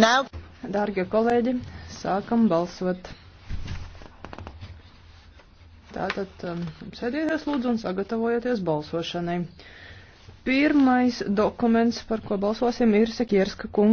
Now... Dārgie kolēģi, sākam balsot. Tātad um, sēdieties lūdzu un sagatavojieties balsošanai. Pirmais dokuments, par ko balsosim, ir Sekierska kunga.